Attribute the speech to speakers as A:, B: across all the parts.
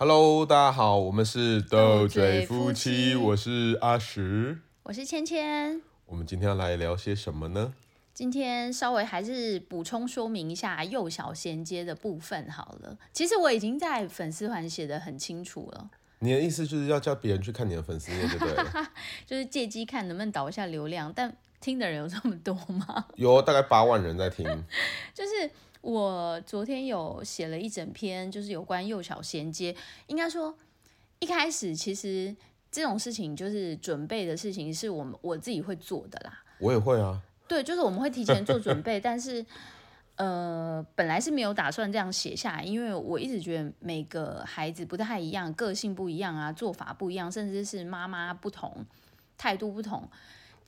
A: Hello，大家好，我們是鬥嘴夫妻，夫妻我是阿史，
B: 我是芊芊，
A: 我們今天要來聊些什麼呢？
B: 今天稍微還是補充說明一下幼小銜接的部分好了。其實我已經在粉絲環寫的很清楚了。
A: 你的意思就是要叫別人去看你的粉絲，對不對？
B: 就是借機看能不能導一下流量，但聽的人有這麼多嗎？
A: 有，大概八萬人在聽。
B: 就是。我昨天有寫了一整篇，就是有關幼小銜接。應該說，一開始其實這種事情就是準備的事情，是我們我自己會做的啦。我也會啊。對，就是我們會提前做準備， 但是呃，本來是沒有打算這樣寫下來，因為我一直覺得每個孩子不太一樣，個性不一樣啊，做法不一樣，甚至是媽媽不同，態度不同，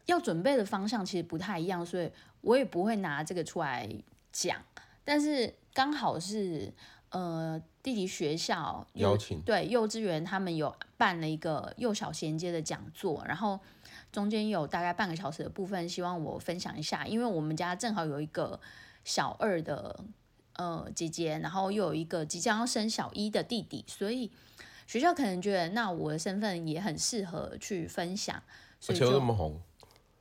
B: 要準備的方向其實不太一樣，所以我也不會拿這個出來講。但是剛好是呃弟弟學校邀請對幼稚園他們有辦了一個幼小銜接的講座，然後中間有大概半個小時的部分，希望我分享一下，因為我們家正好有一個小二的呃姐姐，然後又有一個即將要升小一的弟弟，所以學校可能覺得那我的身份也很適合去分享，所以就我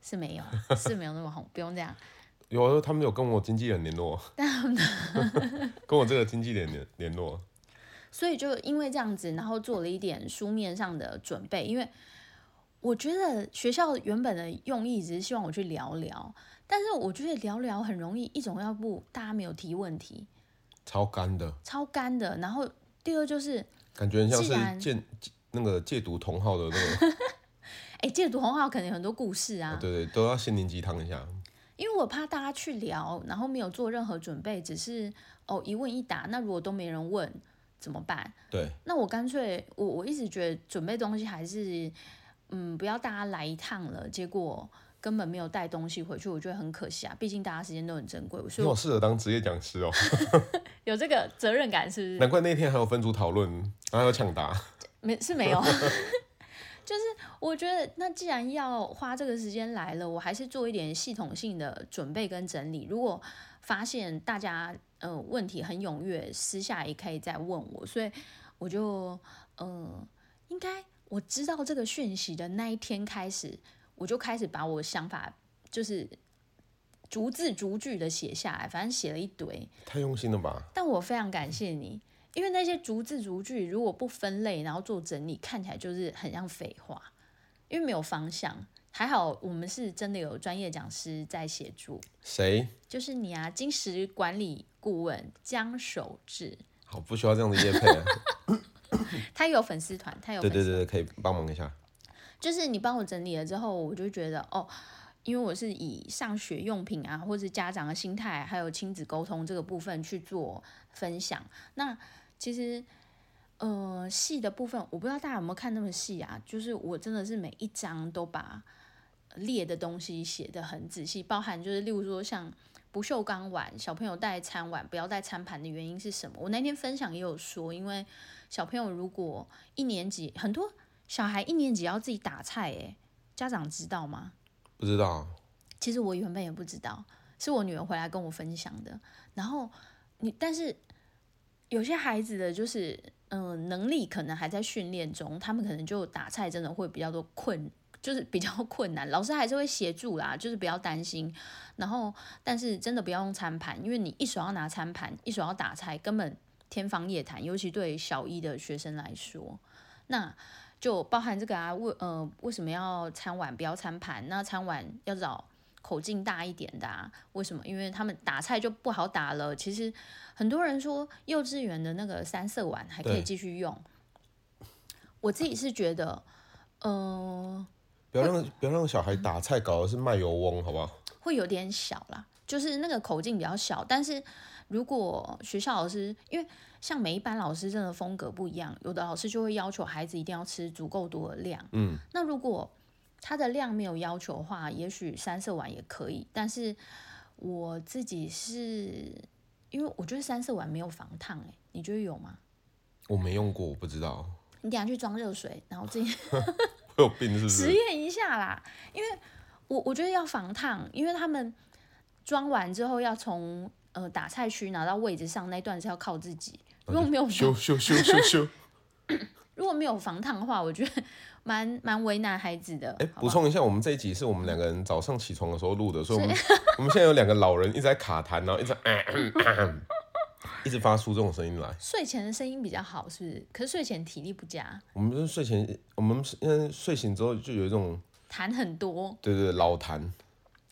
B: 是沒有是沒有那麼紅， 不用這樣。
A: 有時候，他們有跟我經紀人聯絡，但是 跟我這個經紀人聯聯絡，
B: 所以就因為這樣子，然後做了一點書面上的準備。因為我覺得學校原本的用意只是希望我去聊聊，但是我覺得聊聊很容易一種，要不大家沒有提問題，
A: 超乾的，
B: 超乾的。然後第二就是感覺很像是戒
A: 然那個戒毒同好的那、這
B: 個哎、 欸，戒毒同好肯定很多故事啊，對，
A: 對對，都要心靈雞湯一下。
B: 因為我怕大家去聊，然後沒有做任何準備，只是哦一問一答。那如果都沒人問怎麼辦？對，那我乾脆我我一直覺得準備東西還是嗯不要大家來一趟了，結果根本沒有帶東西回去，我覺得很可惜啊。畢竟大家時間都很珍貴。所以我說我適合
A: 當職業講師哦，
B: 有這個責任感是不是？難
A: 怪那天還有分組討論，然後還有搶答，
B: 沒是沒有。 就是我覺得，那既然要花這個時間來了，我還是做一點系統性的準備跟整理。如果發現大家呃問題很踴躍，私下也可以再問我。所以我就嗯、呃，應該我知道這個訊息的那一天開始，我就開始把我想法就是逐字逐句的寫下來，反正寫了一堆。
A: 太用心了吧？
B: 但我非常感謝你。因為那些逐字逐句如果不分類，然後做整理，看起來就是很像廢話，因為沒有方向。還好我們是真的有專業講師在協助，誰誰？就是你啊，精實管理顧問江守志。
A: 好，不需要這樣子業配啊。
B: 他有粉絲團，他有對對對
A: 對，可以幫忙一下。
B: 就是你幫我整理了之後，我就覺得哦，因為我是以上學用品啊，或是家長的心態啊，還有親子溝通這個部分去做分享，那。其實，呃，細的部分我不知道大家有沒有看那麼細啊？就是我真的是每一張都把列的東西寫的很仔細，包含就是例如說像不鏽鋼碗，小朋友帶餐碗不要帶餐盤的原因是什麼？我那天分享也有說，因為小朋友如果一年級很多小孩一年級要自己打菜，哎，家長知道嗎？
A: 不知道。
B: 其實我原本也不知道，是我女兒回來跟我分享的。然後你但是。有些孩子的就是，嗯、呃，能力可能還在訓練中，他們可能就打菜真的會比較多困，就是比較困難。老師還是會協助啦，就是不要擔心。然後，但是真的不要用餐盤，因為你一手要拿餐盤，一手要打菜，根本天方夜譚。尤其對小一的學生來說，那就包含這個啊，為呃為什麼要餐碗不要餐盤？那餐碗要找。口徑大一點的，啊，為什麼？因為他們打菜就不好打了。其實很多人說幼稚園的那個三色碗還可以繼續用，對我自己是覺得，嗯、呃，
A: 不要讓會不要讓小孩打菜，搞的是賣油翁，好不好？
B: 會有點小啦，嗯、就是那個口徑比較小。但是如果學校老師，因為像每一班老師真的風格不一樣，有的老師就會要求孩子一定要吃足夠多的量。嗯，那如果。它的量沒有要求的話，也許三色碗也可以。但是我自己是，因為我覺得三色碗沒有防燙哎，你覺得有嗎？
A: 我沒用過，我不知道。
B: 你等下去裝熱水，然後自己，
A: 我有病是不是？實驗
B: 一下啦，因為我我覺得要防燙，因為他們裝完之後要從呃打菜區拿到位置上，那段是要靠自己。如果沒有燙燙燙燙燙，如果沒有防燙的話，我覺得。蠻蠻為難孩子的，哎、欸，
A: 補充一下，我們這一集是我們兩個人早上起床的時候錄的，所以我們 我們現在有兩個老人一直在卡痰，然後一直呃呃呃呃，一直發出這種聲音來。
B: 睡前的聲音比較好，是不是？可是睡前體力不佳。
A: 我們是睡前，我們嗯睡醒之後就有一種
B: 痰很多，
A: 對對對，老痰，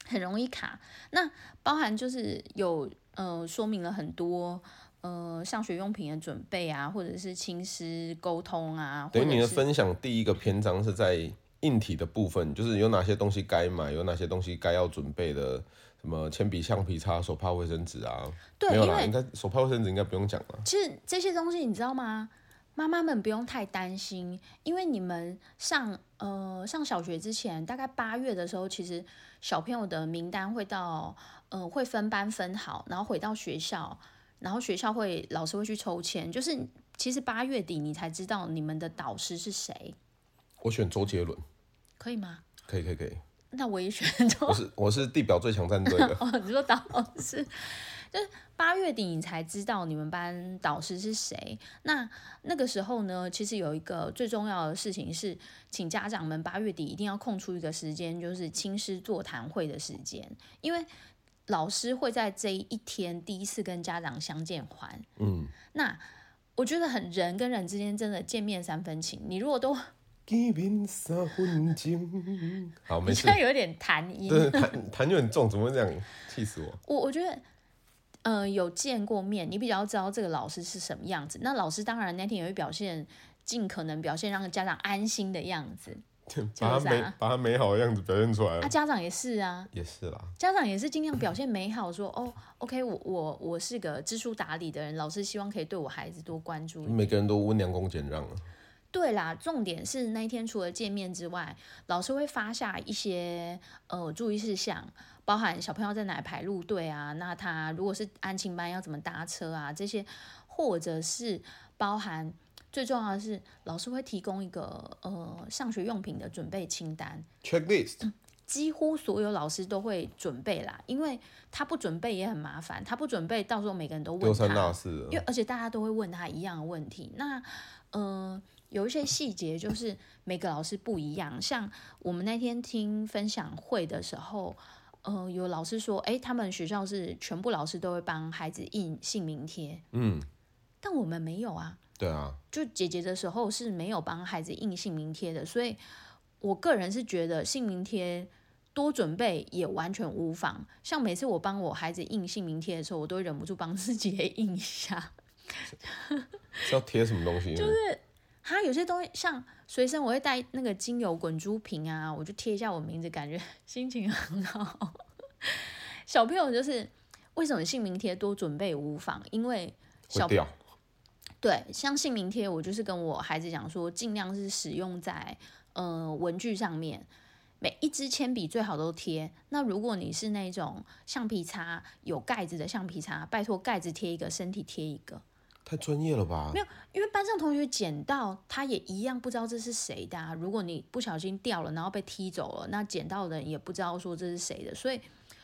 B: 很容易卡。那包含就是有嗯、呃，說明了很多。呃，上學用品的準備啊，或者是親子溝通啊，等你的分
A: 享第一個篇章是在硬體的部分，就是有哪些東西該買，有哪些東西該要準備的，什麼鉛筆、橡皮擦、手帕、衛生紙啊？對，沒有啦，因為應該手帕、衛生紙應該不用講了。其
B: 實這些東西你知道嗎？媽媽們不用太擔心，因為你們上呃上小學之前，大概八月的時候，其實小朋友的名單會到，嗯、呃，會分班分好，然後回到學校。然後學校會老師會去抽籤，就是其實八月底你才知道你們的導師是誰。
A: 我選周杰倫，嗯、可以嗎？可以可以可以。
B: 那我也選周，我
A: 是我是地表最強戰隊的、 哦。
B: 你說導師就是八月底你才知道你們班導師是誰？那那個時候呢，其實有一個最重要的事情是，請家長們八月底一定要空出一個時間，就是親師座談會的時間，因為。老師會在這一天第一次跟家長相見還，還嗯，那我覺得很人跟人之間真的見面三分情。你如果都，好沒
A: 事，現在有
B: 一點痰音，
A: 痰痰就很重，怎麼會這樣？氣死我！
B: 我我覺得，嗯、呃，有見過面，你比較知道這個老師是什麼樣子。那老師當然那天也會表現，盡可能表現讓家長安心的樣子。
A: 把他美把他美好的樣子表現出來了。啊，家
B: 長也是啊，也是啦。家長也是盡量表現美好， 說哦，OK，我我我是個知書達理的人，老師希望可以對我孩子多關注。每個人
A: 都溫良恭儉讓啊。
B: 對啦，重點是那一天除了見面之外，老師會發下一些呃注意事項，包含小朋友在哪排路隊啊，那他如果是安親班要怎麼搭車啊這些，或者是包含。最重要的是，老師會提供一個呃上學用品的準備清單
A: ，Checklist、嗯。
B: 幾乎所有老師都會準備啦，因為他不準備也很麻煩，他不準備到時候每個人都問他，因為而且大家都會問他一樣的問題。那嗯、呃，有一些細節就是每個老師不一樣， 像我們那天聽分享會的時候，呃，有老師說，哎、欸，他們學校是全部老師都會幫孩子印姓名貼，嗯，但我們沒有啊。對啊，就姐姐的時候是沒有幫孩子印姓名貼的，所以我個人是覺得姓名貼多準備也完全無妨。像每次我幫我孩子印姓名貼的時候，我都忍不住幫自己也印一下。
A: 是要貼什麼東西？就是
B: 他有些東西像隨身我會帶那個精油滾珠瓶啊，我就貼一下我名字，感覺心情很好。小朋友就是為什麼姓名貼多準備無妨？因為小朋友。對，像姓名貼，我就是跟我孩子講說，盡量是使用在呃文具上面，每一支鉛筆最好都貼。那如果你是那種橡皮擦有蓋子的橡皮擦，拜托蓋子貼一個，身體貼一個。
A: 太專業了吧？沒有，
B: 因為班上同學撿到，他也一樣不知道這是誰的啊。如果你不小心掉了，然後被踢走了，那撿到的人也不知道說這是誰的，所以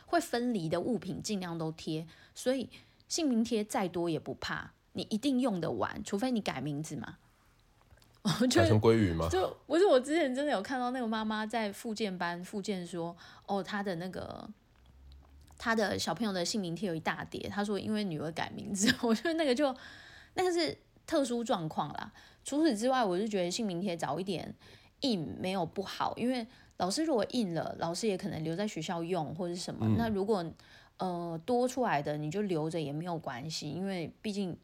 B: 會分離的物品盡量都貼。所以姓名貼再多也不怕。你一定用得完，除非你改名字嘛。
A: 嗎？就
B: 不是我之前真的有看到那個媽媽在復健班復健說，哦，她的那個她的小朋友的姓名貼有一大疊。她說因為女兒改名字，我覺得那個就那個是特殊狀況啦。除此之外，我是覺得姓名貼早一點印沒有不好，因為老師如果印了，老師也可能留在學校用或者什麼。嗯。那如果呃多出來的你就留着也沒有關係，因為畢竟。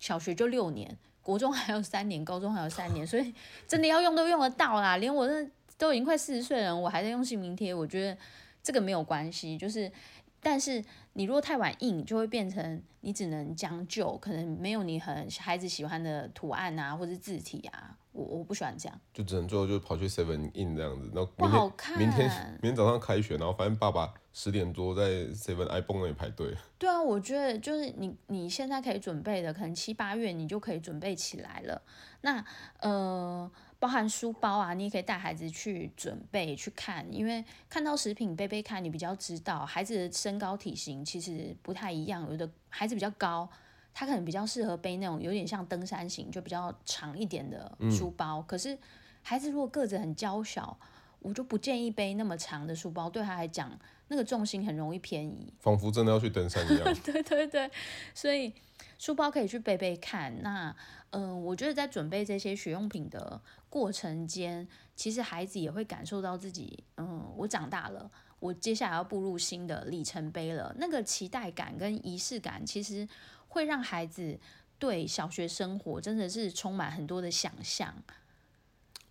B: 小學就六年，國中還有三年，高中還有三年，所以真的要用都用得到啦。連我這都已經快四十歲人，我還在用姓名貼，我覺得這個沒有關係。就是，但是。你如果太晚印，就會變成你只能將就，可能沒有你很孩子喜歡的圖案啊，或者字體啊，我我不喜歡這樣，
A: 就只能最後就跑去 seven 印這樣子，那不好看。明天明天早上開學，然後反正爸爸十點多在 seven ibon 那裡排隊。
B: 對啊，我覺得就是你你現在可以準備的，可能七八月你就可以準備起來了。那呃。包含書包啊，你也可以帶孩子去準備去看，因為看到食品，背背看，你比較知道孩子的身高體型其實不太一樣。有的孩子比較高，他可能比較適合背那種有點像登山型，就比較長一點的書包。嗯、可是孩子如果個子很嬌小，我就不建議背那麼長的書包，對他來講，那個重心很容易偏移。仿
A: 佛真的要去登山一樣。
B: 對對對，所以書包可以去背背看。那嗯、呃，我覺得在準備這些學用品的。過程間，其實孩子也會感受到自己，嗯，我長大了，我接下來要步入新的里程碑了。那個期待感跟儀式感，其實會讓孩子對小學生活真的是充滿很多的想象。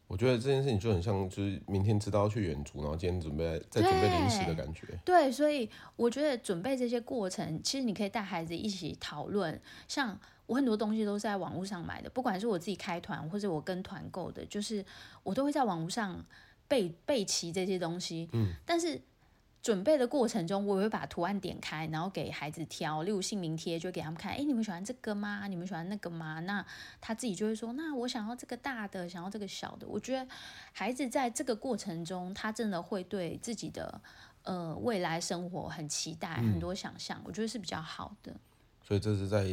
A: 我覺得這件事情就很像，就是明天知道要去遠足，然後今天準備再準備零食的感覺。對，
B: 對，所以我覺得準備這些過程，其實你可以帶孩子一起討論，像。我很多東西都是在網絡上買的，不管是我自己開團或者我跟團購的，就是我都會在網絡上備備齊這些東西。嗯，但是準備的過程中，我也會把圖案點開，然後給孩子挑。例如姓名貼，就給他們看，哎、欸，你們喜歡這個嗎？你們喜歡那個嗎？那他自己就會說，那我想要這個大的，想要這個小的。我覺得孩子在這個過程中，他真的會對自己的呃未來生活很期待，很多想象，嗯、我覺得是比較好的。
A: 所以這是在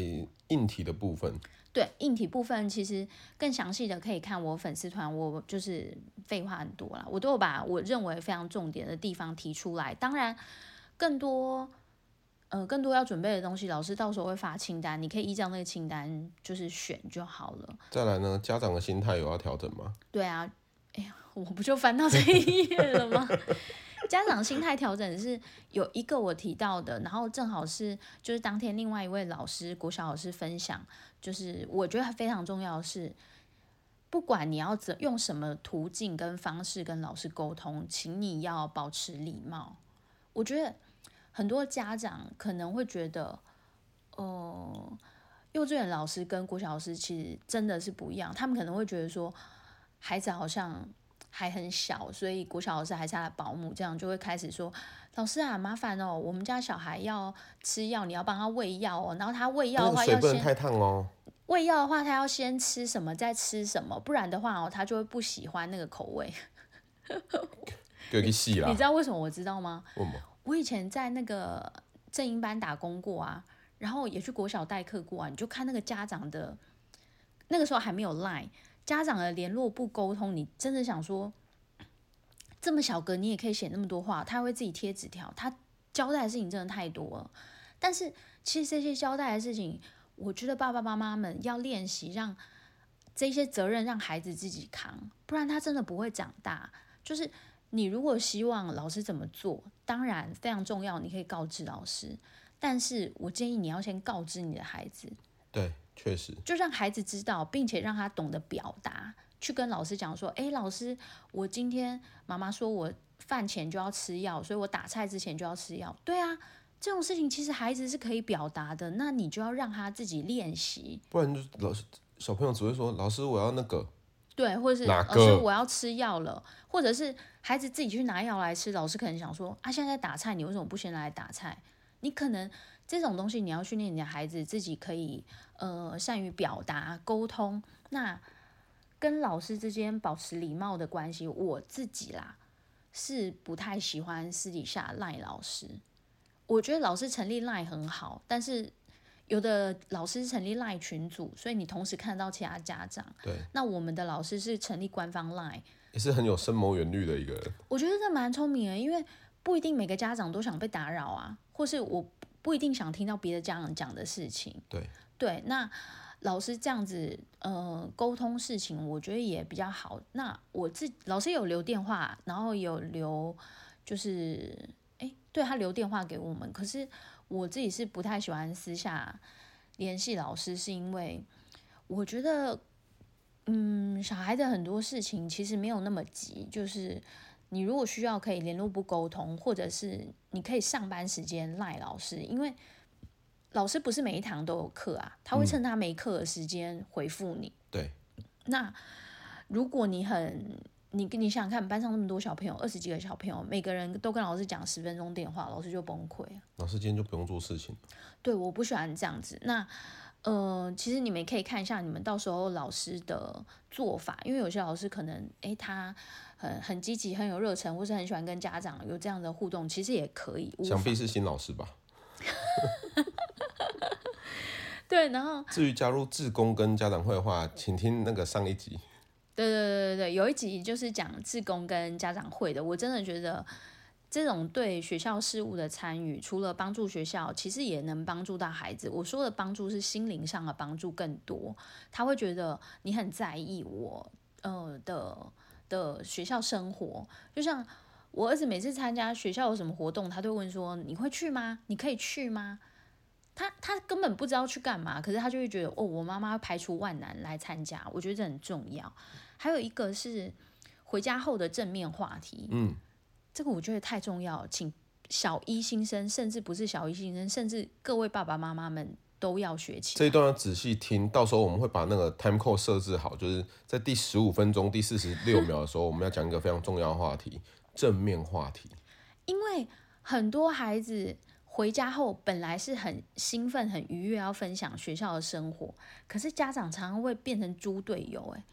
A: 硬體的部分。
B: 對，硬體部分，其實更詳細的可以看我粉絲團，我就是廢話很多啦，我都有把我認為非常重點的地方提出來。當然，更多呃更多要準備的東西，老師到時候會發清單，你可以依照那個清單就是選就好了。
A: 再來呢，家長的心態有要調整嗎？
B: 對啊，哎、欸、呀，我不就翻到這一頁了嗎？ 家長心態調整是有一個我提到的，然後正好是就是當天另外一位老師，國小老師分享，就是我覺得非常重要的是，不管你要怎用什麼途徑跟方式跟老師溝通，請你要保持禮貌。我覺得很多家長可能會覺得，哦、呃，幼稚園老師跟國小老師其實真的是不一樣，他們可能會覺得說，孩子好像。還很小，所以國小老師還是他的保姆，這樣就會開始說：“老師啊，麻煩哦、喔，我們家小孩要吃藥，你要幫他餵藥哦。”然後他餵藥的話，要先太燙餵藥、喔、的話，他要先吃什麼，再吃什麼，不然的話哦、喔，他就會不喜歡那個口味。
A: 給 了！你知道
B: 為什麼？我知道嗎？嘛我以前在那個正音班打工過啊，然後也去國小代課過啊，你就看那個家長的，那個時候還沒有賴。家長的聯絡不溝通，你真的想說這麼小格你也可以寫那麼多話？他會自己貼紙條，他交代的事情真的太多了。但是其實這些交代的事情，我覺得爸爸媽媽們要練習讓這些責任讓孩子自己扛，不然他真的不會長大。就是你如果希望老師怎麼做，當然非常重要，你可以告知老師。但是我建議你要先告知你的孩子。
A: 對。確實，
B: 就讓孩子知道，並且讓他懂得表達，去跟老師講說：“哎，老師，我今天媽媽說我飯前就要吃藥，所以我打菜之前就要吃藥。”對啊，這種事情其實孩子是可以表達的，那你就要讓他自己練習。
A: 不然就老，老師小朋友只會說：“老師，我要那個。”
B: 對，或者是老師我要吃藥了，或者是孩子自己去拿藥來吃，老師可能想說：“啊，現在在打菜，你為什麼不先來打菜？”你可能這種東西，你要訓練你的孩子自己可以，呃，善於表達、溝通，那跟老師之間保持禮貌的關係。我自己啦，是不太喜歡私底下賴老師。我覺得老師成立賴很好，但是有的老師成立賴群組，所以你同時看到其他家長。對。那我們的老師是成立官方賴，
A: 也是很有深謀遠慮的一個人。
B: 我覺得這蠻聰明的，因為不一定每個家長都想被打擾啊，或是我不一定想聽到別的家長講的事情。對。對，那老師這樣子，嗯、呃、溝通事情，我覺得也比較好。那我自己老師有留電話，然後有留，就是，誒，對他留電話給我們。可是我自己是不太喜歡私下聯繫老師，是因為我覺得，嗯，小孩的很多事情其實沒有那麼急，就是你如果需要可以聯絡簿溝通，或者是你可以上班時間賴老師，因為。老師不是每一堂都有課啊，他會趁他沒課的時間回復你。嗯。對，那如果你很你跟你想想看，班上那麼多小朋友，二十幾個小朋友，每個人都跟老師講十分鐘電話，老師就崩潰。
A: 老師今天就不用做事情。
B: 對，我不喜歡這樣子。那呃，其實你們可以看一下你們到時候老師的做法，因為有些老師可能哎、欸、他很很積極很有熱忱，或是很喜歡跟家長有這樣的互動，其實也可以。想必
A: 是新老師吧。
B: 對，然後
A: 至於加入志工跟家長會的話，請聽那個上一集。
B: 對對對對，有一集就是講志工跟家長會的。我真的覺得這種對學校事務的參與，除了幫助學校，其實也能幫助到孩子。我說的幫助是心靈上的幫助更多，他會覺得你很在意我，呃的的學校生活。就像我兒子每次參加學校有什麼活動，他都會問說：“你會去嗎？你可以去嗎？”他他根本不知道去幹嘛，可是他就會覺得哦，我媽媽排除萬難來參加，我覺得這很重要。還有一個是回家後的正面話題，嗯，這個我覺得太重要，請小一新生，甚至不是小一新生，甚至各位爸爸媽媽們都要學起。
A: 這一段要仔細聽，到時候我們會把那個 time code 設置好，就是在第十五分鐘，第四十六秒的時候， 我們要講一個非常重要的話題——正面話題。
B: 因為很多孩子，回家後，本來是很興奮、很愉悅，要分享學校的生活。可是家長常常會變成豬隊友，哎，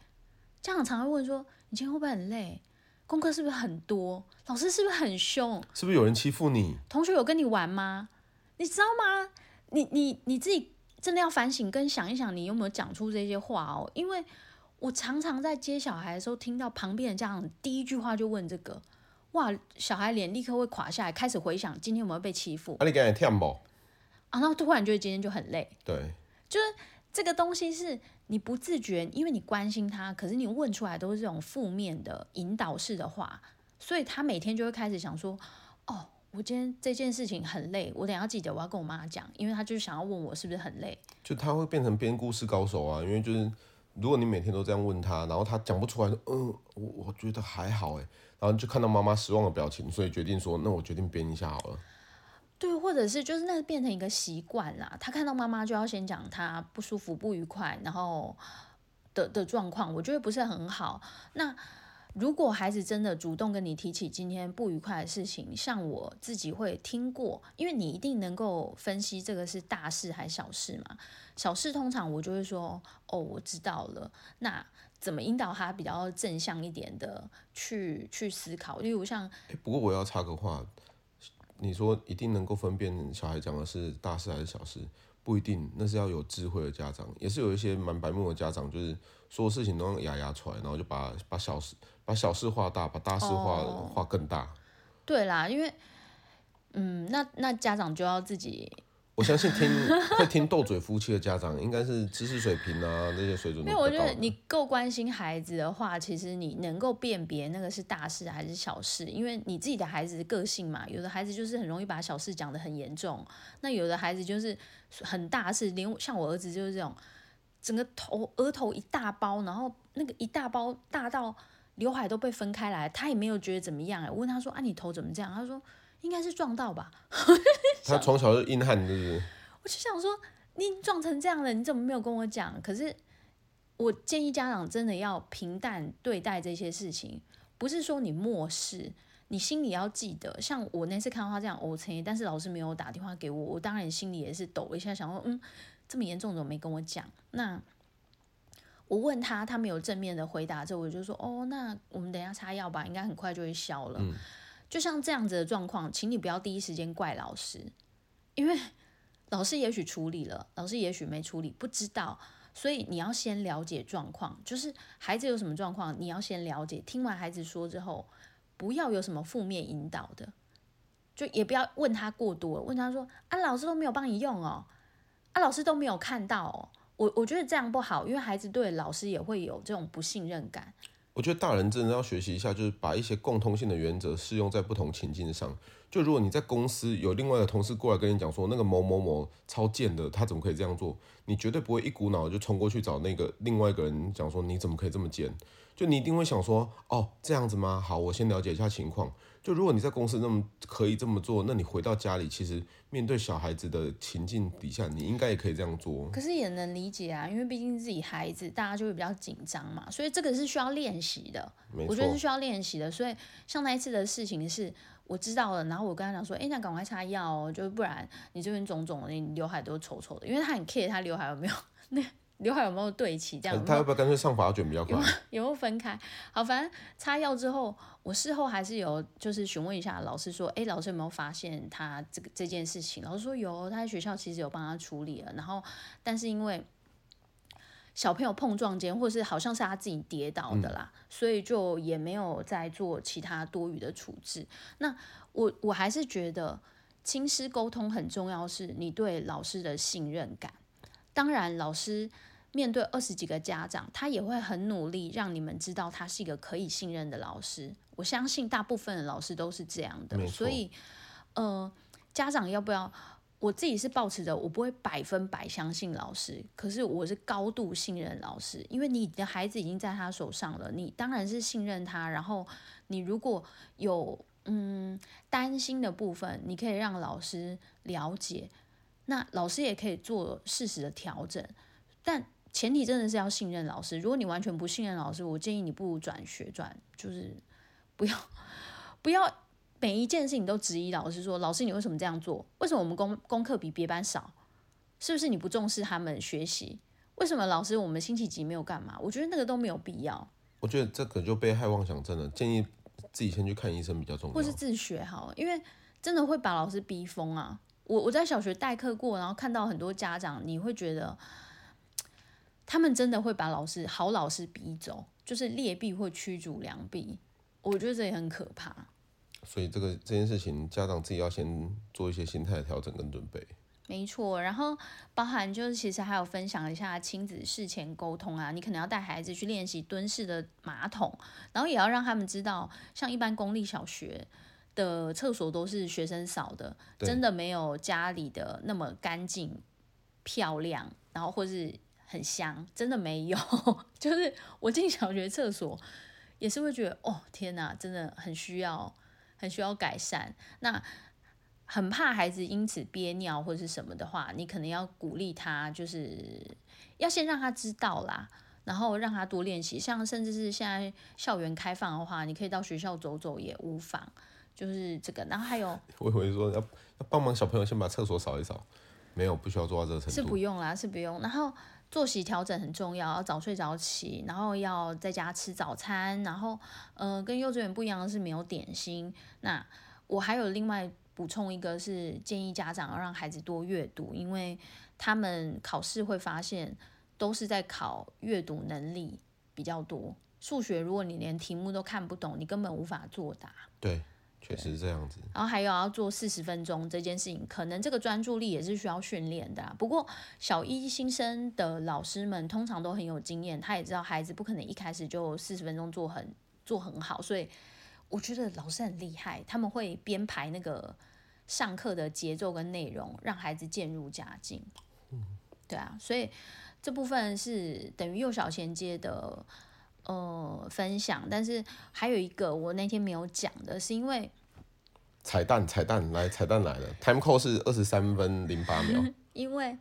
B: 家長常常會問說：“你今天會不會很累？功課是不是很多？老師是不是很兇？
A: 是不是有人欺負你？
B: 同學有跟你玩嗎？你知道嗎？你、你、你自己真的要反省跟想一想，你有沒有講出這些話哦？因為我常常在接小孩的時候，聽到旁邊的家長第一句話就問這個。”哇，小孩臉立刻會垮下來，開始回想今天有沒有被欺負。啊，你今天累不？啊，然後突然覺得今天就很累。對，就是這個東西是你不自覺，因為你關心他，可是你問出來都是這種負面的引導式的話，所以他每天就會開始想說：哦，我今天這件事情很累，我等下要記得我要跟我媽講，因為他就是想要問我是不是很累。
A: 就他會變成編故事高手啊，因為就是如果你每天都這樣問他，然後他講不出來，嗯、呃，我我覺得還好哎。然後就看到媽媽失望的表情，所以決定說：“那我決定編一下好了。”
B: 對，或者是就是那變成一個習慣啦。他看到媽媽就要先講他不舒服、不愉快，然後的的狀況，我覺得不是很好。那如果孩子真的主動跟你提起今天不愉快的事情，像我自己會聽過，因為你一定能夠分析這個是大事還是小事嘛。小事通常我就會說：“哦，我知道了。”那怎麼引導他比較正向一點的去去思考？例如像、
A: 欸……不過我要插個話，你說一定能夠分辨小孩講的是大事還是小事，不一定。那是要有智慧的家長，也是有一些蠻白目的家長就是說事情都壓壓出來，然後就把把小事把小事化大，把大事化化、oh, 更大。
B: 對啦，因為嗯，那那家長就要自己。
A: 我相信聽會聽鬥嘴夫妻的家長，應該是知識水平啊那些水準都沒有。我覺得你
B: 夠關心孩子的話，其實你能夠辨別那個是大事還是小事，因為你自己的孩子的個性嘛，有的孩子就是很容易把小事講得很嚴重，那有的孩子就是很大事，連像我兒子就是這種，整個頭額頭一大包，然後那個一大包大到劉海都被分開來，他也沒有覺得怎麼樣哎，我問他說啊你頭怎麼這樣？他說。應該是撞到吧。
A: 他從小是硬漢，對不對？
B: 我就想說，你撞成這樣了，你怎麼沒有跟我講？可是我建議家長真的要平淡對待這些事情，不是說你漠視，你心裡要記得。像我那次看到他這樣，我承認，但是老師沒有打電話給我，我當然心裡也是抖了一下，想說，嗯，這麼嚴重怎麼沒跟我講？那我問他，他沒有正面的回答之後，後我就說，哦，那我們等一下擦藥吧，應該很快就會消了。嗯就像這樣子的狀況，請你不要第一時間怪老師，因為老師也許處理了，老師也許沒處理，不知道，所以你要先了解狀況，就是孩子有什麼狀況，你要先了解。聽完孩子說之後，不要有什麼負面引導的，就也不要問他過多了，問他說啊，老師都沒有幫你用哦，啊，老師都沒有看到哦，我我覺得這樣不好，因為孩子對老師也會有這種不信任感。
A: 我覺得大人真的要學習一下，就是把一些共通性的原則適用在不同情境上。就，如果你在公司有另外的同事過來跟你講說，那個某某某超賤的，他怎麼可以這樣做？你絕對不會一股腦就衝過去找那個另外一個人講說你怎麼可以這麼賤。就你一定會想說，哦，這樣子嗎？好，我先了解一下情況。就如果你在公司那麼可以這麼做，那你回到家裡，其實面對小孩子的情境底下，你應該也可以這樣做。可
B: 是也能理解啊，因為畢竟自己孩子，大家就會比較緊張嘛，所以這個是需要練習的。沒錯。我覺得是需要練習的。所以像那一次的事情是，我知道了，然後我跟他講說：“哎、欸，那趕快擦藥，哦，就是不然你這邊腫腫的，你劉海都醜醜的。”因為他很 care 他劉海有沒有那。 劉海有沒有對齊？這樣他要不要乾脆上髮卷比較快有有？有沒有分開？好，反正擦藥之後，我事後還是有就是詢問一下老師，說，哎、欸，老師有沒有發現他這個這件事情？老師說有，他在學校其實有幫他處理了。然後，但是因為小朋友碰撞間，或是好像是他自己跌倒的啦，嗯、所以就也沒有再做其他多餘的處置。那我我還是覺得，親師溝通很重要，是你對老師的信任感。當然，老師面對二十幾個家長，他也會很努力讓你們知道他是一個可以信任的老師。我相信大部分的老師都是這樣的，沒錯。所以，呃，家長要不要？我自己是抱持著我不會百分百相信老師，可是我是高度信任老師，因為你的孩子已經在他手上了，你當然是信任他。然後，你如果有，嗯，擔心的部分，你可以讓老師了解。那老師也可以做適時的調整，但前提真的是要信任老師。如果你完全不信任老師，我建議你不如轉學轉，就是不要不要每一件事情都質疑老師說，說老師，你為什麼這樣做？為什麼我們功功課比別班少？是不是你不重視他們學習？為什麼老師，我們星期幾沒有幹嘛？我覺得那個都沒有必要。
A: 我覺得這可就被害妄想症了，建議自己先去看醫生比較重要，或是
B: 自學好了，因為真的會把老師逼瘋啊。我我在小學代課過，然後看到很多家長，你會覺得他們真的會把老師好老師逼走，就是劣幣會驅逐良幣，我覺得這也很可怕。
A: 所以這個這件事情，家長自己要先做一些心態調整跟準備。
B: 沒錯，然後包含就是其實還有分享一下親子事前溝通啊，你可能要帶孩子去練習蹲式的馬桶，然後也要讓他們知道，像一般公立小學。的廁所都是學生掃的，真的沒有家裡的那麼乾淨、漂亮，然後或是很香，真的沒有。 就是我進小學廁所也是會覺得，哦，天吶，啊，真的很需要，很需要改善。那很怕孩子因此憋尿或者是什麼的話，你可能要鼓勵他，就是要先讓他知道啦，然後讓他多練習。像甚至是現在校園開放的話，你可以到學校走走也無妨。就是這個，然後還有，
A: 我也會說要要幫忙小朋友先把廁所掃一掃，沒有，不需要做到這個程度。是不用
B: 啦，是不用。然後作息調整很重要，要早睡早起，然後要在家吃早餐，然後嗯、呃，跟幼稚園不一樣的是沒有點心。那我還有另外補充一個，是建議家長要讓孩子多閱讀，因為他們考試會發現都是在考閱讀能力比較多。數學如果你連題目都看不懂，你根本無法作答。
A: 對。確實這樣子，
B: 然後還有要做四十分鐘這件事情，可能這個專注力也是需要訓練的啊。不過小一新生的老師們通常都很有經驗，他也知道孩子不可能一開始就四十分鐘做很做很好，所以我覺得老師很厲害，他們會編排那個上課的節奏跟內容，讓孩子漸入佳境。嗯，對啊，所以這部分是等於幼小銜接的。呃，分享，但是還有一個我那天沒有講的，是因為
A: 彩蛋，彩蛋來，彩蛋來了。Time Code 是二十三分零八
B: 秒。因為，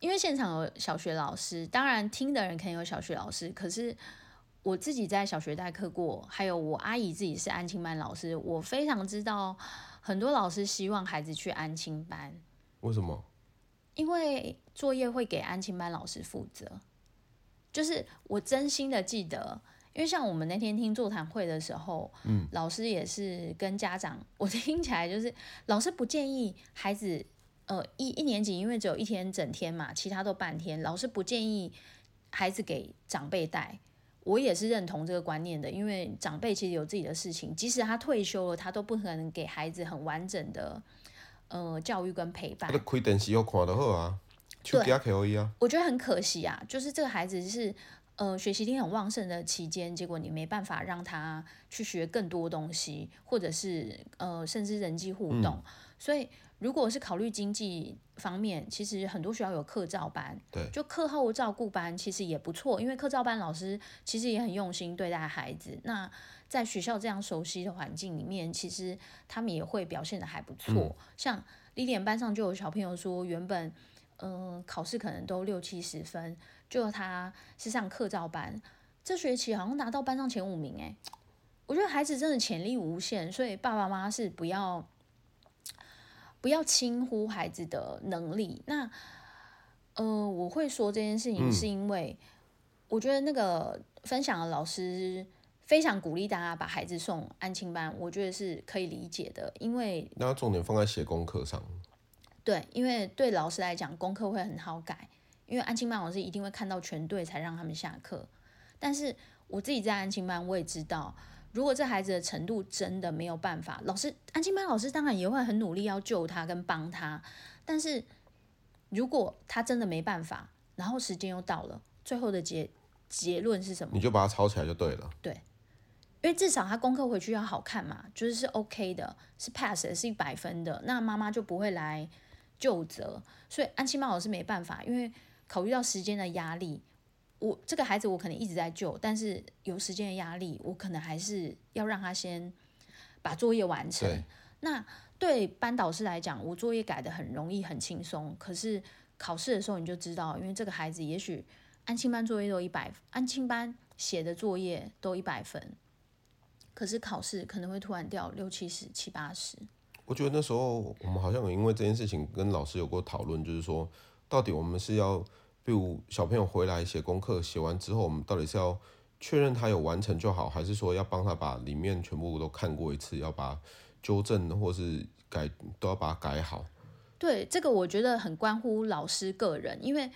B: 因為現場有小學老師，當然聽的人肯定有小學老師。可是我自己在小學代課過，還有我阿姨自己是安親班老師，我非常知道很多老師希望孩子去安親班。為什麼？因為作業會給安親班老師負責。就是我真心的記得，因為像我們那天聽座談會的時候，嗯，老師也是跟家長，我聽起來就是老師不建議孩子，呃，一一年級因為只有一天整天嘛，其他都半天，老師不建議孩子給長輩帶。我也是認同這個觀念的，因為長輩其實有自己的事情，即使他退休了，他都不可能給孩子很完整的，呃，教育跟陪伴。啊，你
A: 開電視又看得好啊。對啊，
B: 我覺得很可惜啊，就是這個孩子是呃學習力很旺盛的期間，結果你沒辦法讓他去學更多東西，或者是呃甚至人際互動。嗯、所以如果是考慮經濟方面，其實很多學校有課照班，對就課後照顧班其實也不錯，因為課照班老師其實也很用心對待孩子。那在學校這樣熟悉的環境裡面，其實他們也會表現得還不錯。嗯、像莉安班上就有小朋友說，原本，嗯，考試可能都六七十分，就他是上課照班，這學期好像拿到班上前五名誒、欸。我覺得孩子真的潛力無限，所以爸爸媽媽是不要不要輕忽孩子的能力。那呃，我會說這件事情，是因為我覺得那個分享的老師非常鼓勵大家把孩子送安親班，我覺得是可以理解的，因為
A: 那重點放在寫功課上。
B: 對，因為對老師來講，功課會很好改，因為安親班老師一定會看到全對才讓他們下課。但是我自己在安親班，我也知道，如果這孩子的程度真的沒有辦法，老師，安親班老師當然也會很努力要救他跟幫他。但是如果他真的沒辦法，然後時間又到了，最後的結結論是什麼？你就
A: 把他抄起來就對了。
B: 對，因為至少他功課回去要好看嘛，就是，是 OK 的，是 pass 的，是一百分的，那媽媽就不會來。就責，所以安親班老師沒辦法，因為考慮到時間的壓力，我這個孩子我可能一直在救，但是有時間的壓力，我可能還是要讓他先把作業完成。對，那對班導師來講，我作業改的很容易，很輕鬆。可是考試的時候你就知道，因為這個孩子也許安親班作業都一百分，安親班寫的作業都一百分，可是考試可能會突然掉六七十、七八十。
A: 我覺得那時候我們好像有因為這件事情跟老師有過討論，就是說到底我們是要，比如小朋友回來寫功課，寫完之後我們到底是要確認他有完成就好，還是說要幫他把裡面全部都看過一次，要把糾正或是改都要把它改好。
B: 對，這個我覺得很關乎老師個人，因為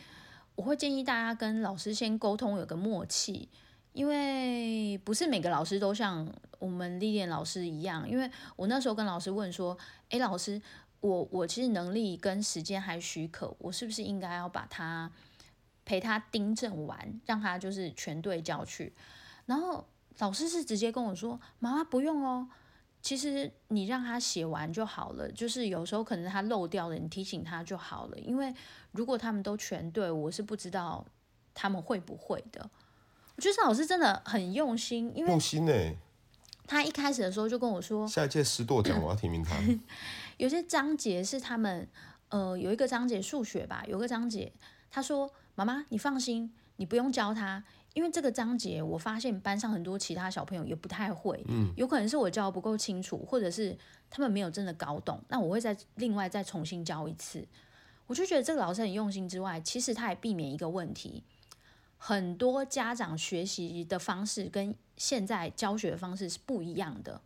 B: 我會建議大家跟老師先溝通有個默契，因為不是每個老師都像。我們歷練老師一樣，因為我那時候跟老師問說：“哎，老師，我我其實能力跟時間還許可，我是不是應該要把他陪他訂正完，讓他就是全對交去？”然後老師是直接跟我說：“媽媽不用哦，其實你讓他寫完就好了。就是有時候可能他漏掉了，你提醒他就好了。因為如果他們都全對，我是不知道他們會不會的。我覺得老師真的很用心，因為用心他一開始的時候就跟我說，下
A: 一屆師鐸獎我要提名他。
B: 有些章節是他們，呃，有一個章節數學吧，有個章節，他說：“媽媽，你放心，你不用教他，因為這個章節我發現班上很多其他小朋友也不太會，嗯，有可能是我教得不夠清楚，或者是他們沒有真的搞懂，那我會再另外再重新教一次。”我就覺得這個老師很用心之外，其實他也避免一個問題。很多家長學習的方式跟現在教學的方式是不一樣的，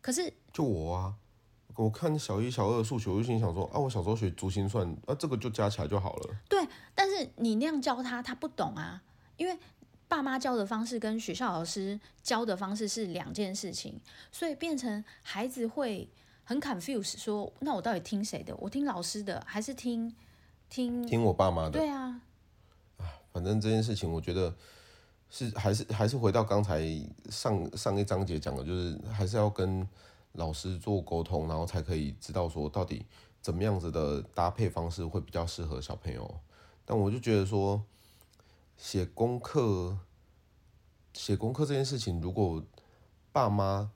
B: 可
A: 是就我啊，我看小一、小二的數學，我就心想說啊，我小時候學珠心算，啊，這個就加起來就好了。
B: 對，但是你那樣教他，他不懂啊，因為爸媽教的方式跟學校老師教的方式是兩件事情，所以變成孩子會很 confuse，說那我到底聽誰的？我聽老師的還是聽聽聽我爸媽的？對啊。
A: 反正這件事情，我覺得是還是還是回到剛才上上一章節講的，就是還是要跟老師做溝通，然後才可以知道說到底怎麼樣子的搭配方式會比較適合小朋友。但我就覺得說，寫功課、寫功課這件事情，如果爸媽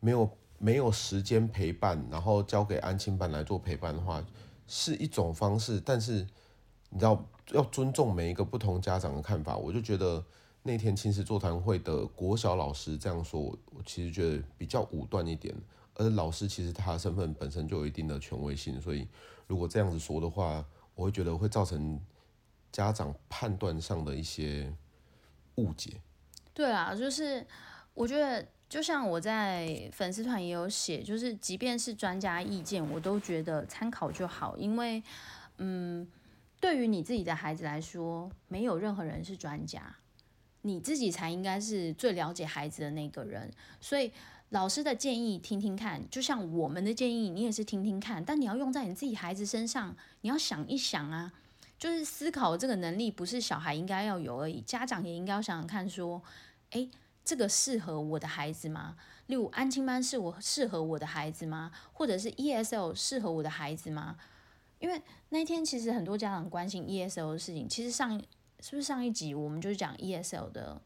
A: 沒有沒有時間陪伴，然後交給安親班來做陪伴的話，是一種方式，但是。你知道，要尊重每一個不同家長的看法，我就覺得那天親子座談會的國小老師這樣說，我其實覺得比較武斷一點。而老師其實他身份本身就有一定的權威性，所以如果這樣子說的話，我會覺得會造成家長判斷上的一些誤解。
B: 對啊，就是我覺得就像我在粉絲團也有寫，就是即便是專家意見，我都覺得參考就好，因為嗯。對於你自己的孩子來說，沒有任何人是專家，你自己才應該是最了解孩子的那個人。所以老師的建議聽聽看，就像我們的建議，你也是聽聽看。但你要用在你自己孩子身上，你要想一想啊，就是思考這個能力不是小孩應該要有而已，家長也應該要想想看說，誒，這個適合我的孩子嗎？例如安親班是我適合我的孩子嗎？或者是 ESL 適合我的孩子嗎？因為那天其實很多家長關心 ESL 的事情，其實上是不是上一集我們就講 ESL 的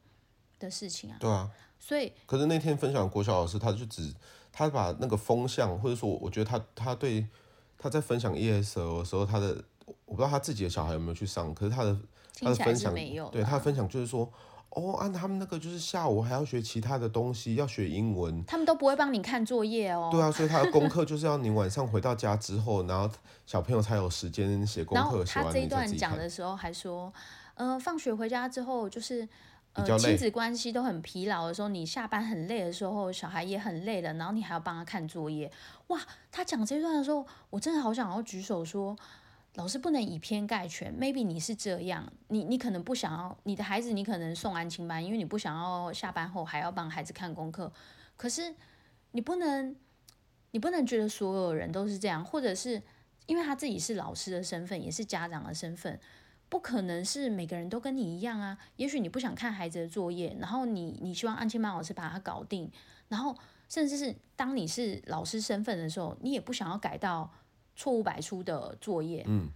B: 的事情啊？對啊，所以
A: 可是那天分享的國小老師，他就只他把那個風向或者說，我覺得他他對他在分享 ESL 的時候，他的我不知道他自己的小孩有沒有去上，可是他的是他的分享沒有，對他的分享就是說。哦，按、啊、他們那個就是下午還要學其他的東西，要學英文。
B: 他們都不會幫你看作業哦。對啊，所以他的功課
A: 就是要你晚上回到家之後， 然後小朋友才有時間寫功課。然後他這一段講
B: 的時候還說， 呃，放學回家之後就是，呃，親子關係都很疲勞的時候，你下班很累的時候，小孩也很累了，然後你還要幫他看作業。哇，他講這一段的時候，我真的好想要舉手說。老師不能以偏概全，maybe 你是這樣，你你可能不想要你的孩子，你可能送安親班，因為你不想要下班後還要幫孩子看功課，可是你不能，你不能覺得所有人都是這樣，或者是因為他自己是老師的身份，也是家長的身份，不可能是每個人都跟你一樣啊。也許你不想看孩子的作業，然後你你希望安親班老師把它搞定，然後甚至是當你是老師身份的時候，你也不想要改到。錯誤百出的作業，嗯，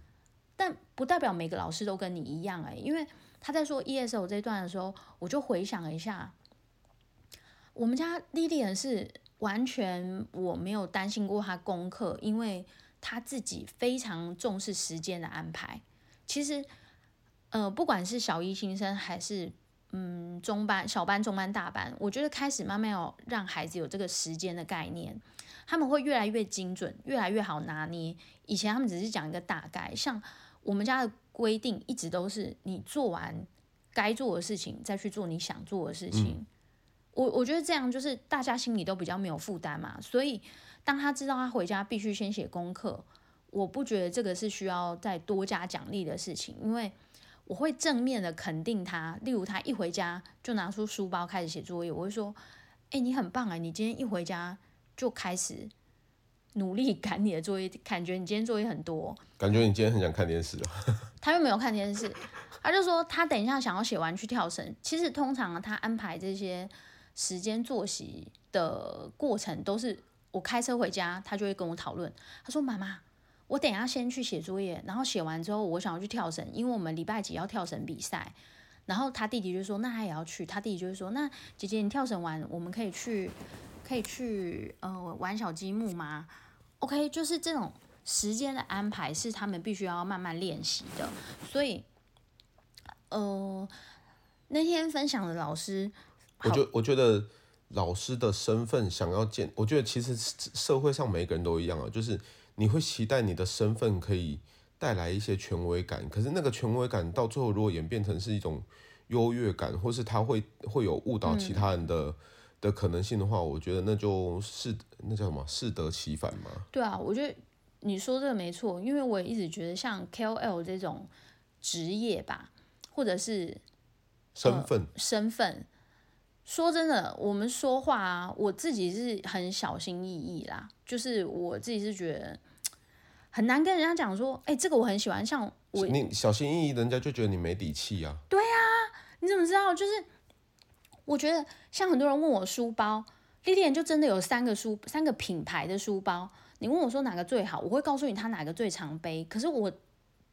B: 但不代表每個老師都跟你一樣誒、欸，因為他在說 E S O 這一段的時候，我就回想了一下，我們家莉莉 l 是完全我沒有擔心過他功課，因為他自己非常重視時間的安排。其實，呃，不管是小一新生還是嗯中班、小班、中班、大班，我覺得開始慢慢要讓孩子有這個時間的概念。他們會越來越精準，越來越好拿捏。以前他們只是講一個大概，像我們家的規定一直都是你做完該做的事情，再去做你想做的事情。嗯。我我覺得這樣就是大家心裡都比較沒有負擔嘛。所以當他知道他回家必須先寫功課，我不覺得這個是需要再多加獎勵的事情，因為我會正面的肯定他。例如他一回家就拿出書包開始寫作業，我會說：“欸，你很棒欸，你今天一回家。”就開始努力趕你的作業，感覺你今天作業很多。感覺你今天很想看電視？他又沒有看電視，他就說他等一下想要寫完去跳繩。其實通常他安排這些時間作息的過程，都是我開車回家，他就會跟我討論。他說：“媽媽，我等一下先去寫作業，然後寫完之後我想要去跳繩，因為我們禮拜幾要跳繩比賽。”然後他弟弟就說：“那他也要去。”他弟弟就會說：“那姐姐你跳繩完，我們可以去。”可以去呃玩小積木嗎？OK，就是這種時間的安排是他們必須要慢慢練習的。所以，呃，那天分享的老師我，我覺
A: 我覺得老師的身份想要見，我覺得其實社會上每個人都一樣啊，就是你會期待你的身份可以帶來一些權威感，可是那個權威感到最後如果演變成是一種優越感，或是他會會有誤導其他人的。嗯的可能性的話，我覺得那就適、是、那叫什麼，適得其反嘛。
B: 對啊，我覺得你說這個沒錯，因為我也一直覺得像 KOL 這種職業吧，或者是身份分、呃、身份。說真的，我們說話、啊，我自己是很小心翼翼啦，就是我自己是覺得很難跟人家講說，哎、欸，這個我很喜歡。像我你
A: 小心翼翼，人家就覺得你沒底氣啊。
B: 對呀、啊，你怎麼知道？就是。我覺得像很多人問我書包，莉安就真的有三個書三個品牌的書包。你問我說哪個最好，我會告訴你它哪個最常背。可是我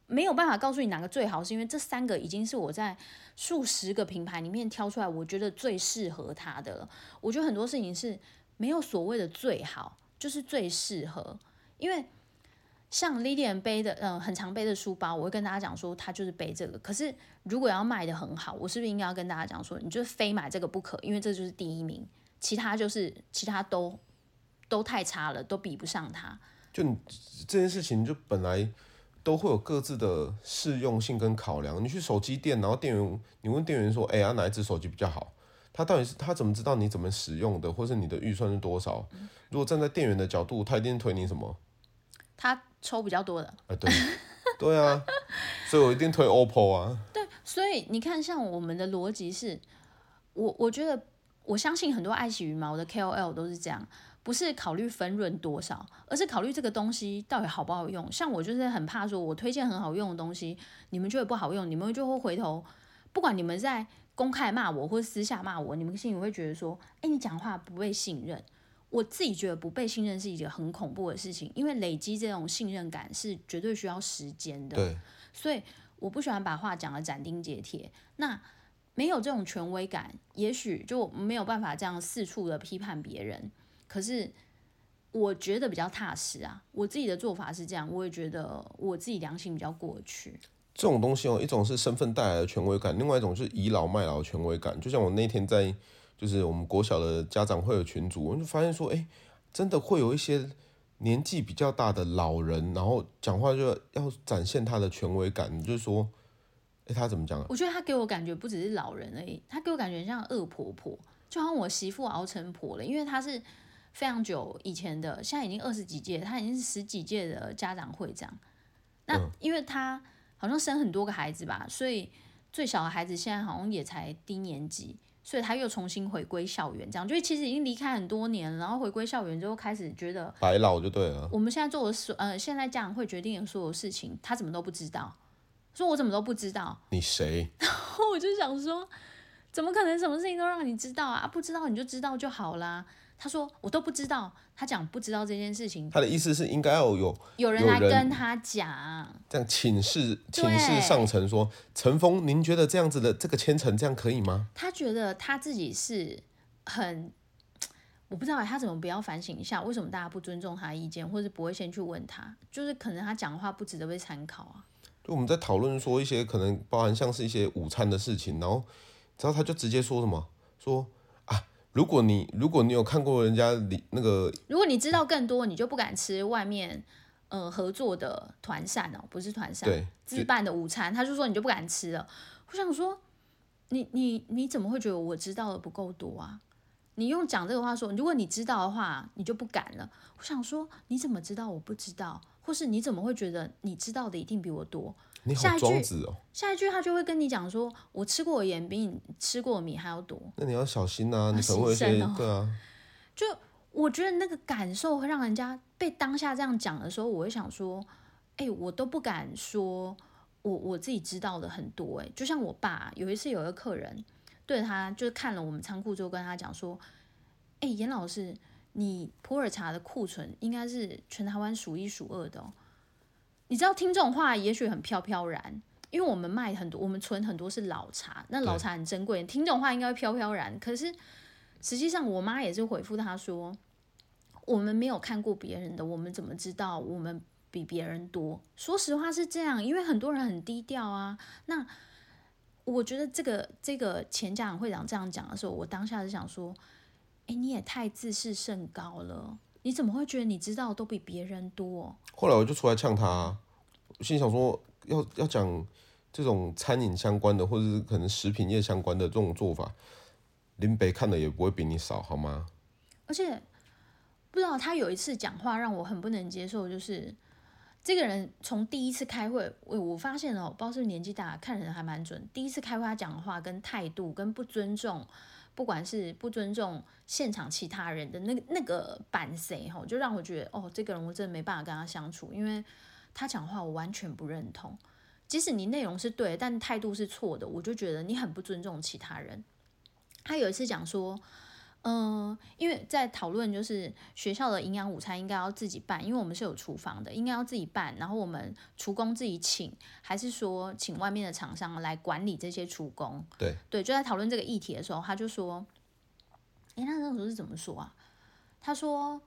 B: 沒有辦法告訴你哪個最好，是因為這三個已經是我在數十個品牌裡面挑出來，我覺得最適合它的了。我覺得很多事情是沒有所謂的最好，就是最適合，因為。像莉安背的，嗯、呃，很常背的書包，我會跟大家講說，他就是背這個。可是如果要賣的很好，我是不是應該要跟大家講說，你就非買這個不可？因為這就是第一名，其他就是其他都都太差了，都比不上它。
A: 就你這件事情，就本來都會有各自的適用性跟考量。你去手機店，然後店員，你問店員說，哎、欸、呀，啊、哪一支手機比較好？他到底是他怎麼知道你怎麼使用的，或是你的預算是多少？如果站在店員的角度，他一定推你什麼？
B: 他抽比較多的，
A: 欸、對，對啊， 所以我一定推 OPPO 啊。
B: 對，所以你看，像我們的邏輯是，我我覺得我相信很多愛惜羽毛我的 KOL 都是這樣，不是考慮分潤多少，而是考慮這個東西到底好不好用。像我就是很怕說，我推薦很好用的東西，你們覺得不好用，你們就會回頭，不管你們在公開罵我或私下罵我，你們心裡會覺得說，哎、欸，你講話不被信任。我自己覺得不被信任是一個很恐怖的事情，因為累積這種信任感是絕對需要時間的。對，所以我不喜歡把話講得斬釘截鐵。那沒有這種權威感，也許就沒有辦法這樣四處的批判別人。可是我覺得比較踏實啊，我自己的做法是這樣，我也覺得我自己良心比較過得去。這
A: 種東西哦，一種是身份帶來的權威感，另外一種是倚老賣老的權威感。就像我那天在。就是我們國小的家長會有群組，我就發現說，哎，真的會有一些年紀比較大的老人，然後講話就要展現他的權威感，你就是說，哎，他怎麼講啊？我
B: 覺得他給我感覺不只是老人而已，他給我感覺像惡婆婆，就好像我媳婦熬成婆了，因為她是非常久以前的，現在已經二十幾屆，她已經是十幾屆的家長會長。那因為她好像生很多個孩子吧，所以最小的孩子現在好像也才低年級。所以他又重新回歸校園，這樣就是其實已經離開很多年了，然後回歸校園之後開始覺得，
A: 白老就對了。我
B: 們現在做的事，呃，現在家長會決定的所有事情，他怎麼都不知道，說我怎麼都不知道。
A: 你誰？然
B: 後我就想說，怎麼可能什麼事情都讓你知道啊？啊不知道你就知道就好啦。他說：“我都不知道。”他講不知道這件事情。他
A: 的意思是應該要有有人來跟
B: 他講，
A: 這樣請示對請示上層說：“陳峰，您覺得這樣子的這個千層這樣可以嗎？”
B: 他覺得他自己是很，我不知道他怎麼不要反省一下？為什麼大家不尊重他的意見，或者不會先去問他？就是可能他講話不值得被參考啊。
A: 就我們在討論說一些可能包含像是一些午餐的事情，然後然後他就直接說什麼說。如果你如果你有看過人家那個，
B: 如果你知道更多，你就不敢吃外面呃合作的團膳哦，不是團膳，對，自辦的午餐，對他就說，你就不敢吃了。我想說，你你你怎麼會覺得我知道的不夠多啊？你用講這個話說，如果你知道的話，你就不敢了。我想說，你怎麼知道我不知道？或是你怎麼會覺得你知道的一定比我多？你好哦、下一句，下一句他就會跟你講說：“我吃過鹽比你吃過米還要多。”
A: 那你要小心吶、啊，啊、你可能會一些、哦、對啊。
B: 就我覺得那個感受會讓人家被當下這樣講的時候，我會想說：“哎、欸，我都不敢說我，我我自己知道的很多。”哎，就像我爸有一次有一個客人對他，就是看了我們倉庫之後跟他講說：“哎、欸，嚴老師，你普洱茶的庫存應該是全台灣數一數二的、喔。”你知道聽這種話也許很飄飄然，因為我們賣很多，我們存很多是老茶，那老茶很珍貴。聽這種話應該會飄飄然，可是實際上我媽也是回復她說，我們沒有看過別人的，我們怎麼知道我們比別人多？說實話是這樣，因為很多人很低調啊。那我覺得這個這個前家長會長這樣講的時候，我當下是想說，哎、欸，你也太自視甚高了。你怎麼會覺得你知道都比別人多、哦？
A: 後來我就出來嗆他、啊，我心想說要要講這種餐飲相關的，或者是可能食品業相關的這種做法，林北看的也不會比你少，好嗎？
B: 而且不知道他有一次講話讓我很不能接受，就是這個人從第一次開會，我、哎、我發現了、哦，不知道是不是年紀大看人還蠻準。第一次開會他講話跟態度跟不尊重。不管是不尊重現場其他人的那個、那個版，誰吼，就讓我覺得哦，這個人我真的沒辦法跟他相處，因為他講話我完全不認同。即使你內容是對，但態度是錯的，我就覺得你很不尊重其他人。他有一次講說。嗯、呃，因為在討論就是學校的營養午餐應該要自己辦，因為我們是有廚房的，應該要自己辦。然後我們廚工自己請，還是說請外面的廠商來管理這些廚工？對，對，就在討論這個議題的時候，他就說：“哎、欸，那時候是怎麼說啊？他說：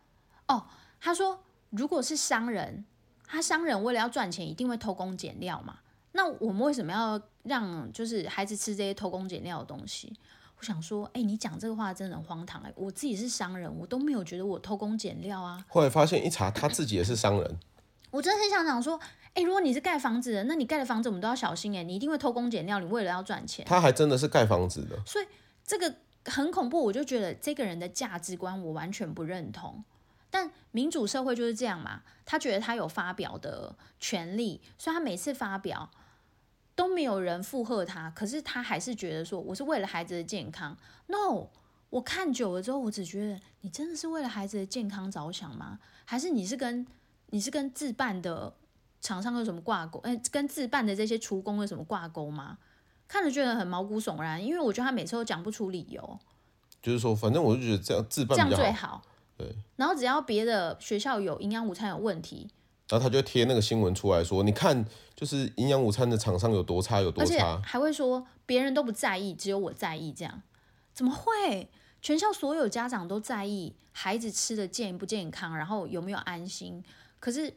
B: 哦，他說如果是商人，他商人為了要賺錢，一定會偷工減料嘛。那我們為什麼要讓就是孩子吃這些偷工減料的東西？”我想說，哎、欸，你講這個話真的很荒唐欸！哎，我自己是商人，我都沒有覺得我偷工減料啊。
A: 後來發現一查，他自己也是商人。
B: 我真的很想講說，哎、欸，如果你是蓋房子的，那你蓋的房子我們都要小心欸，哎，你一定會偷工減料，你為了要賺錢。他還
A: 真的是蓋房子的，
B: 所以這個很恐怖。我就覺得這個人的價值觀我完全不認同。但民主社會就是這樣嘛，他覺得他有發表的權利，所以他每次發表。都沒有人附和他，可是他還是覺得說我是為了孩子的健康。No，我看久了之後，我只覺得你真的是為了孩子的健康着想嗎？還是你是跟你是跟自辦的廠商有什麼掛鈎？哎、欸，跟自辦的這些廚工有什麼掛鈎嗎？看着覺得很毛骨悚然，因為我覺得他每次都講不出理由。
A: 就是說，反正我就覺得這樣自辦這樣最好。對。
B: 然後只要別的學校有營養午餐有問題。
A: 然後他就貼那個新聞出來說：“你看，就是營養午餐的廠商有，有多差，有多差，
B: 還會說別人都不在意，只有我在意這樣，怎麼會？全校所有家長都在意孩子吃得健不健康，然後有沒有安心。可是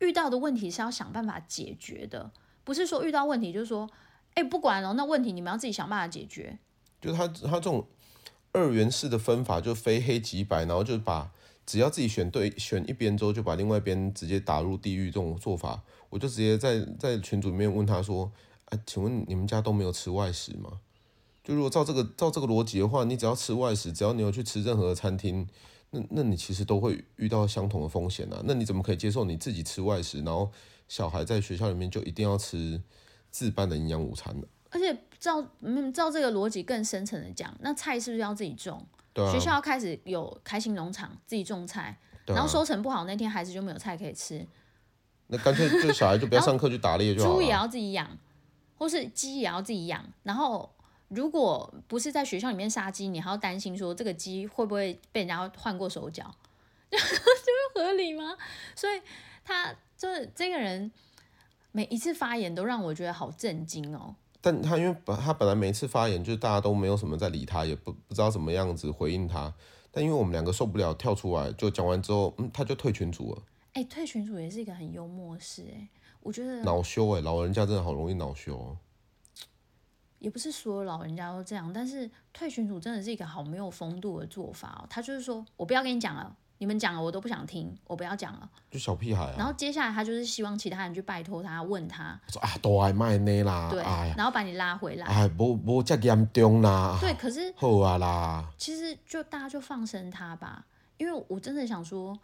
B: 遇到的問題是要想辦法解決的，不是說遇到問題就是說，哎，不管了、哦，那問題你們要自己想辦法解決。
A: 就”就是他他這種二元式的分法，就非黑即白，然後就把。只要自己選對選一邊之後，就把另外一邊直接打入地獄這種做法，我就直接在在群組裡面問他說：“啊、欸，請問你們家都沒有吃外食嗎？就如果照這個照這個邏輯的話，你只要吃外食，只要你有去吃任何的餐廳，那那你其實都會遇到相同的風險啊。那你怎麼可以接受你自己吃外食，然後小孩在學校裡面就一定要吃自辦的營養午餐呢？
B: 而且照嗯照這個邏輯更深層的講，那菜是不是要自己種？”學校要開始有開心農場，自己種菜。
A: 啊、然後收成
B: 不好那天，孩子就沒有菜可以吃。
A: 那乾脆這個小孩就不要上課，去打獵，豬 也要
B: 自己養，或是雞也要自己養。然後，如果不是在學校裡面殺雞，你還要擔心說這個雞會不會被人家換過手腳，這 合理嗎？所以他就是這個人每一次發言都讓我覺得好震驚哦、喔。
A: 但他因為本他本來每一次發言，就是大家都沒有什麼在理他，也不不知道怎麼樣子回應他。但因為我們兩個受不了，跳出來就講完之後，嗯，他就退群組了。
B: 哎、欸，退群組也是一個很幽默的事，哎、欸，我覺得。惱
A: 羞，哎、欸，老人家真的好容易惱羞、啊。
B: 也不是說老人家都這樣，但是退群組真的是一個好沒有風度的做法哦、喔。他就是說，我不要跟你講了。你們講了我都不想聽，我不要講了。
A: 就小屁孩、啊。然後
B: 接下來他就是希望其他人去拜托他，問他。說
A: 啊，都還呢啦。對。哎、呀然
B: 後把你拉回來。哎，
A: 不不，這樣嚴重啦。對，可是。啊好啊啦。
B: 其實就大家就放生他吧，因為我真的想說，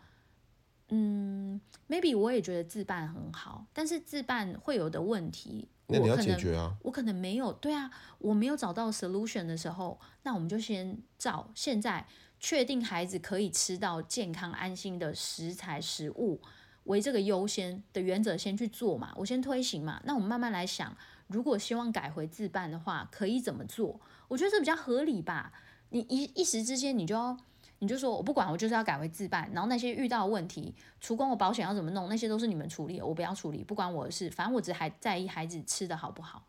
B: 嗯，maybe 我也覺得自辦很好，但是自辦會有的問題，那你要解決啊。我可能，我可能沒有對啊，我沒有找到 solution 的時候，那我們就先照現在。確定孩子可以吃到健康安心的食材食物，為這個優先的原則先去做嘛，我先推行嘛。那我們慢慢來想，如果希望改回自辦的話，可以怎麼做？我覺得這比較合理吧。你一一時之間，你就要你就說我不管，我就是要改回自辦，然後那些遇到問題，廚工我保險要怎麼弄，那些都是你們處理，我不要處理，不管我的事，反正我只還在意孩子吃得好不好，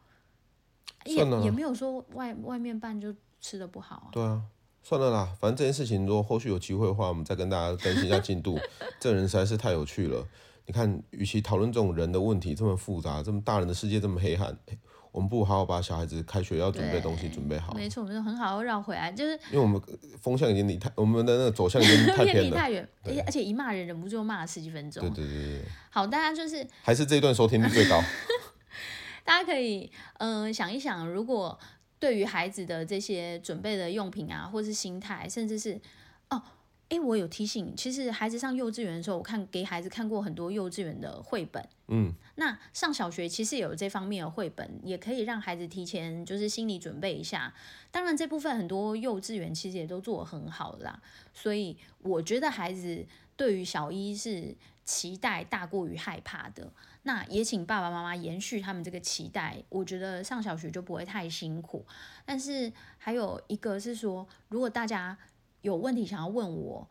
A: 算了 也也沒
B: 有說外外面辦就吃得不好啊，對
A: 啊。算了啦，反正這件事情如果後續有機會的話，我們再跟大家更新一下進度。這 人實在是太有趣了，你看，與其討論這種人的問題這麼複雜，這麼大人的世界這麼黑暗，欸、我們不如好好把小孩子開學要準備東西準備好。
B: 沒錯，我們就很好又繞回來，就是因為我
A: 們風向已經離太我們的那個走向已經太遠了，而
B: 且一罵人忍不住又罵了十幾分鐘。對對對對。好，大家就是
A: 還是這一段收聽率最高，
B: 大家可以嗯、呃、想一想，如果。對於孩子的這些準備的用品啊，或是心態，甚至是哦，哎，我有提醒，其實孩子上幼稚園的時候，我看給孩子看過很多幼稚園的繪本，嗯，那上小學其實也有這方面的繪本，也可以讓孩子提前就是心理準備一下。當然，這部分很多幼稚園其實也都做得很好了啦，所以我覺得孩子對於小一是期待大過於害怕的。那也請爸爸媽媽延續他們這個期待，我覺得上小學就不會太辛苦。但是還有一個是說，如果大家有問題想要問我，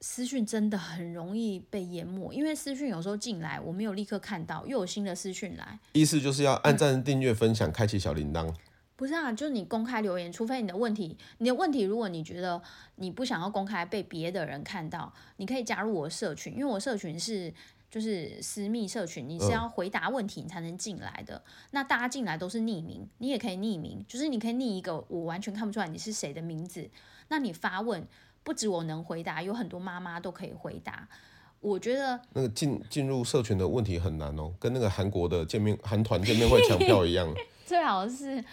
B: 私訊真的很容易被淹沒，因為私訊有時候進來我沒有立刻看到，又有新的私訊來。
A: 意思就是要按讚、訂閱、嗯、分享、開啟小鈴鐺。
B: 不是啊，就是你公開留言，除非你的問題，你的問題如果你覺得你不想要公開被別的人看到，你可以加入我的社群，因為我社群是。就是私密社群，你是要回答問題，你才能進來的。嗯、那大家進來都是匿名，你也可以匿名，就是你可以匿一個我完全看不出來你是誰的名字。那你發問，不止我能回答，有很多媽媽都可以回答。我覺得
A: 那個進進入社群的問題很難哦、喔，跟那個韓國的見面韓團見面會搶票一樣。
B: 最好是，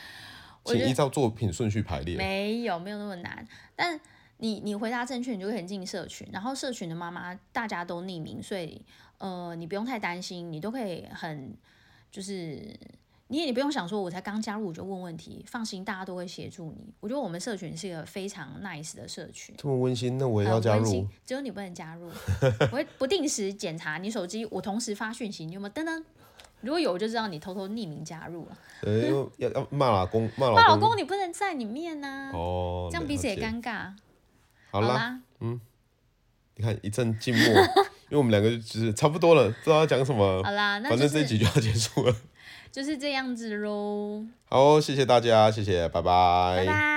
B: 請依照作品順序排列。沒有，沒有那麼難。但你你回答正確，你就可以進社群。然後社群的媽媽大家都匿名，所以。呃，你不用太擔心，你都可以很，就是你也不用想說，我才剛加入我就問問題，放心，大家都會協助你。我覺得我們社群是一個非常 nice 的社群，這
A: 麼溫馨，那我也要加入。呃、我
B: 只有你不能加入， 我會不定時檢查你手機，我同時發訊息，你有沒有噔噔？如果有，我就知道你偷偷匿名加入了。哎，
A: 要要罵老公，罵老，老公，
B: 你不能在裡面啊。哦，這
A: 樣彼此也尷
B: 尬。好啦，
A: 好啦，嗯，你看一陣靜默。 因為我們兩個就是差不多了，不知道要講什麼。好啦，那就是，反正這一集就要結束了，
B: 就是這樣子嘍。
A: 好，謝謝大家，謝謝，拜拜。拜拜。